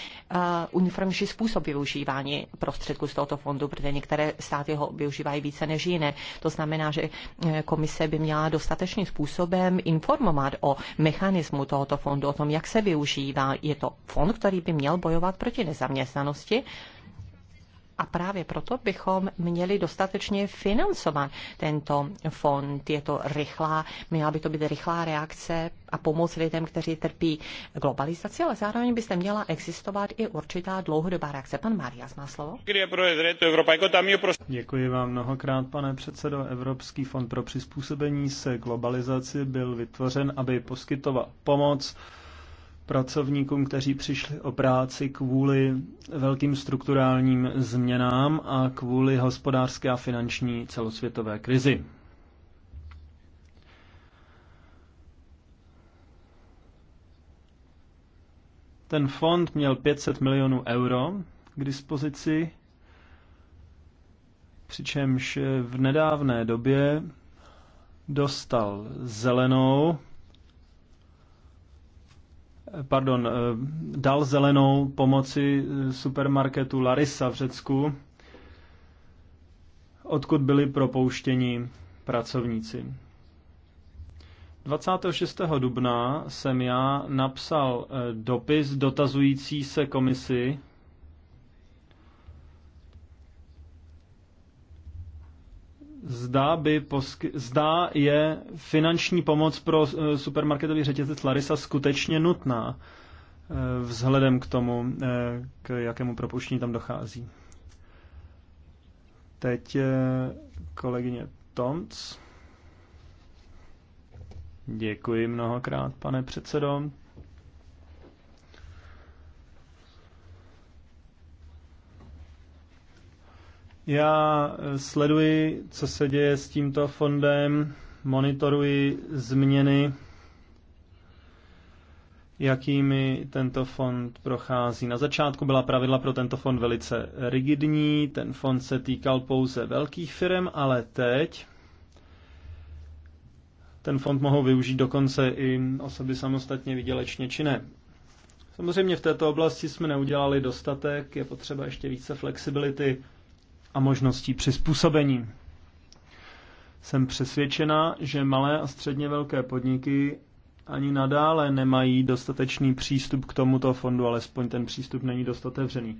uniformnější způsob využívání prostředků z tohoto fondu, protože některé státy ho využívají více než jiné. To znamená, že komise by měla dostatečným způsobem informovat o mechanismu tohoto fondu, o tom, jak se využívá. Je to fond, který by měl bojovat proti nezaměstnanosti zaměstnanosti. A právě proto bychom měli dostatečně financovat tento fond. Je to rychlá, měla by to být rychlá reakce a pomoc lidem, kteří trpí globalizaci, ale zároveň byste měla existovat i určitá dlouhodobá reakce. Pan Marias má slovo. Děkuji vám mnohokrát, pane předsedo. Evropský fond pro přizpůsobení se globalizaci byl vytvořen, aby poskytoval pomoc pracovníkům, kteří přišli o práci kvůli velkým strukturálním změnám a kvůli hospodářské a finanční celosvětové krizi. Ten fond měl 500 milionů euro k dispozici, přičemž v nedávné době dostal zelenou pardon, eh, dal zelenou pomoci eh, supermarketu Larissa v Řecku, odkud byli propouštěni pracovníci. 26. dubna jsem já napsal eh, dopis dotazující se komisi zda, by posky, zda je finanční pomoc pro eh, supermarketový řetězec Larisa skutečně nutná eh, vzhledem k tomu, eh, k jakému propuštění tam dochází. Teď kolegyně Tomc. Děkuji mnohokrát, pane předsedo. Já eh, sleduji, co se děje s tímto fondem, monitoruji změny, jakými tento fond prochází. Na začátku byla pravidla pro tento fond velice rigidní, ten fond se týkal pouze velkých firm, ale teď ten fond mohou využít dokonce i osoby samostatně vydělečně činné. Samozřejmě v této oblasti jsme neudělali dostatek, je potřeba ještě více flexibility a možností přizpůsobení. Jsem přesvědčena, že malé a středně velké podniky ani nadále nemají dostatečný přístup k tomuto fondu, alespoň ten přístup není dost otevřený.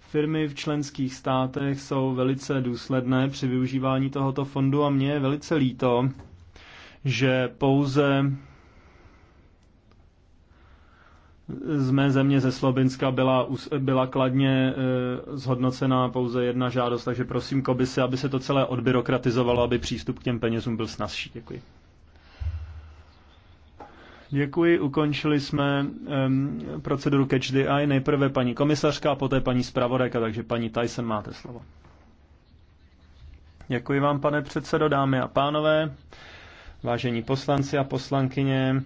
Firmy v členských státech jsou velice důsledné při využívání tohoto fondu a mě je velice líto, že pouze z mé země ze Slovenska byla, byla kladně e, zhodnocena pouze jedna žádost, takže prosím Kobisy, aby se to celé odbyrokratizovalo, aby přístup k těm penězům byl snazší. Děkuji. Děkuji, ukončili jsme um, proceduru Catch the Eye. Nejprve paní komisařka, poté paní zpravodajka, takže paní Tyson, máte slovo. Děkuji vám, pane předsedo, dámy a pánové, vážení poslanci a poslankyně.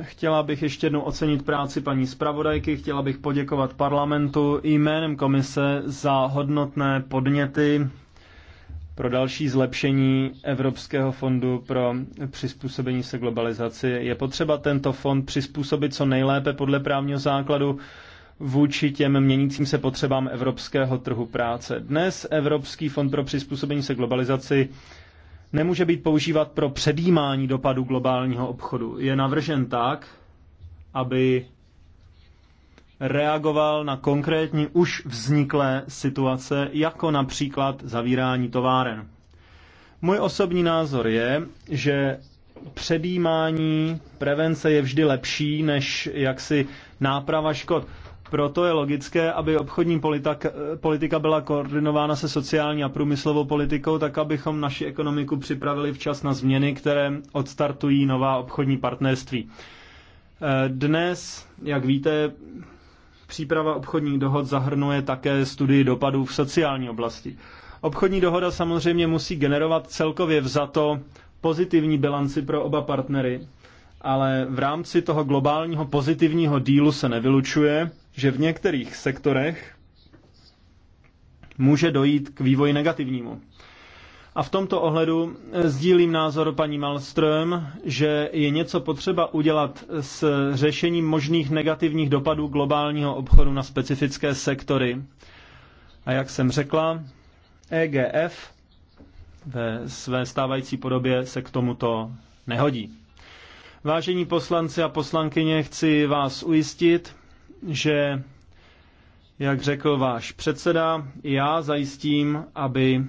Chtěla bych ještě jednou ocenit práci paní zpravodajky, chtěla bych poděkovat parlamentu i jménem komise za hodnotné podněty pro další zlepšení Evropského fondu pro přizpůsobení se globalizaci. Je potřeba tento fond přizpůsobit co nejlépe podle právního základu vůči těm měnícím se potřebám evropského trhu práce. Dnes Evropský fond pro přizpůsobení se globalizaci nemůže být používat pro předjímání dopadu globálního obchodu. Je navržen tak, aby reagoval na konkrétní už vzniklé situace, jako například zavírání továren. Můj osobní názor je, že předjímání prevence je vždy lepší než jaksi náprava škod. Proto je logické, aby obchodní politika, politika byla koordinována se sociální a průmyslovou politikou, tak abychom naši ekonomiku připravili včas na změny, které odstartují nová obchodní partnerství. Eh, dnes, jak víte, příprava obchodních dohod zahrnuje také studii dopadů v sociální oblasti. Obchodní dohoda samozřejmě musí generovat celkově vzato pozitivní bilanci pro oba partnery, ale v rámci toho globálního pozitivního dílu se nevylučuje, že v některých sektorech může dojít k vývoji negativnímu. A v tomto ohledu sdílím názor paní Malström, že je něco potřeba udělat s řešením možných negativních dopadů globálního obchodu na specifické sektory. A jak jsem řekla, EGF ve své stávající podobě se k tomuto nehodí. Vážení poslanci a poslankyně, chci vás ujistit, že, jak řekl váš předseda, já zajistím, aby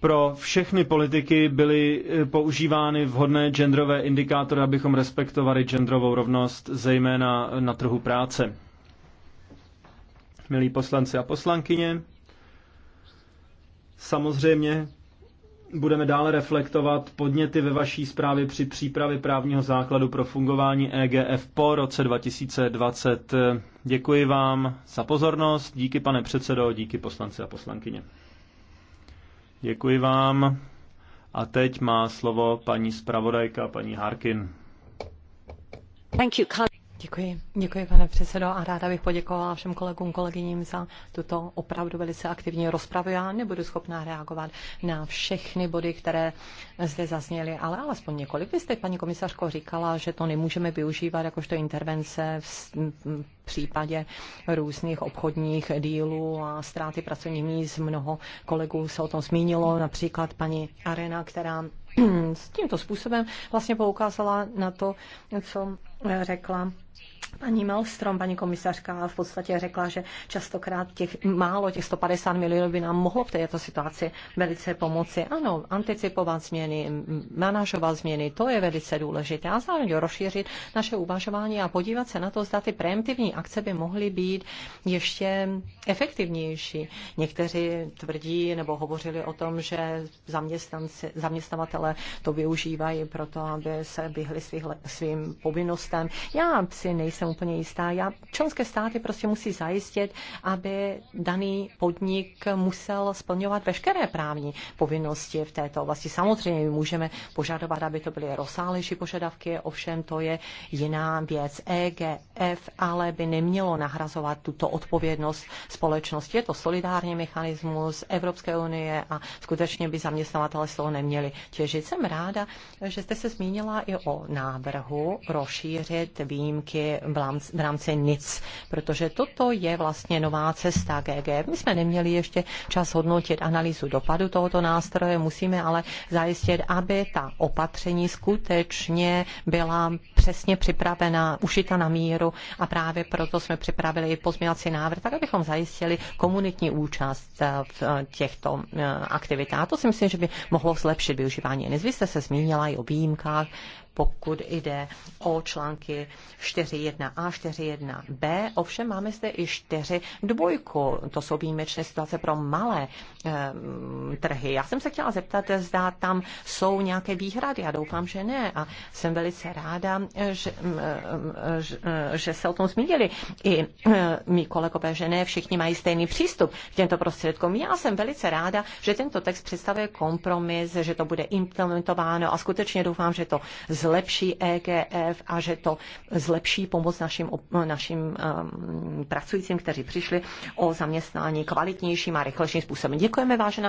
pro všechny politiky byly eh, používány vhodné genderové indikátory, abychom respektovali genderovou rovnost, zejména na trhu práce. Milí poslanci a poslankyně, samozřejmě Budeme dále reflektovat podněty ve vaší zprávě při přípravě právního základu pro fungování EGF po roce 2020. Děkuji vám za pozornost, díky pane předsedo, díky poslanci a poslankyně. Děkuji vám. A teď má slovo paní zpravodajka, paní Harkin. Thank you, Děkuji, děkuji pane předsedo a ráda bych poděkovala všem kolegům, kolegyním za tuto opravdu velice aktivní rozpravu. Já nebudu schopná reagovat na všechny body, které zde zazněly, ale alespoň několik. Vy jste, paní komisařko, říkala, že to nemůžeme využívat jakožto intervence v případě různých obchodních dílů a ztráty pracovních míst. Mnoho kolegů se o tom zmínilo, například paní Arena, která s tímto způsobem vlastně poukázala na to, co řekla paní Malstrom, paní komisařka, v podstatě řekla, že častokrát těch málo, těch 150 milionů by nám mohlo v této situaci velice pomoci. Ano, anticipovat změny, manažovat změny, to je velice důležité. A zároveň rozšířit naše uvažování a podívat se na to, zda ty preemptivní akce by mohly být ještě efektivnější. Někteří tvrdí nebo hovořili o tom, že zaměstnavatele to využívají proto, aby se vyhli svým povinnostem systém. Já si nejsem úplně jistá. Já, členské státy prostě musí zajistit, aby daný podnik musel splňovat veškeré právní povinnosti v této oblasti. Samozřejmě my můžeme požadovat, aby to byly rozsálejší požadavky, ovšem to je jiná věc. EGF ale by nemělo nahrazovat tuto odpovědnost společnosti. Je to solidární mechanismus Evropské unie a skutečně by zaměstnavatele z toho neměli těžit. Jsem ráda, že jste se zmínila i o návrhu rozšíření rozšířit výjimky v rámci, NIC, protože toto je vlastně nová cesta GG. My jsme neměli ještě čas hodnotit analýzu dopadu tohoto nástroje, musíme ale zajistit, aby ta opatření skutečně byla přesně připravena, ušita na míru a právě proto jsme připravili i pozměňovací návrh, tak abychom zajistili komunitní účast eh, v eh, těchto eh, aktivitách. A to si myslím, že by mohlo zlepšit využívání NIS. Vy jste se zmínila i o výjimkách pokud jde o články 4.1a, 4.1b. Ovšem máme zde i 4 dvojku. To jsou výjimečné situace pro malé um, trhy. Já jsem se chtěla zeptat, zda tam jsou nějaké výhrady. Já doufám, že ne. A jsem velice ráda, že, ehm, ehm, že, že se o tom zmínili i uh, mý kolegové, že ne všichni mají stejný přístup k těmto prostředkům. Já jsem velice ráda, že tento text představuje kompromis, že to bude implementováno a skutečně doufám, že to zlepší zlepší EGF a že to zlepší pomoc našim, našim um, pracujícím, kteří přišli o zaměstnání kvalitnějším a rychlejším způsobem. Děkujeme, vážená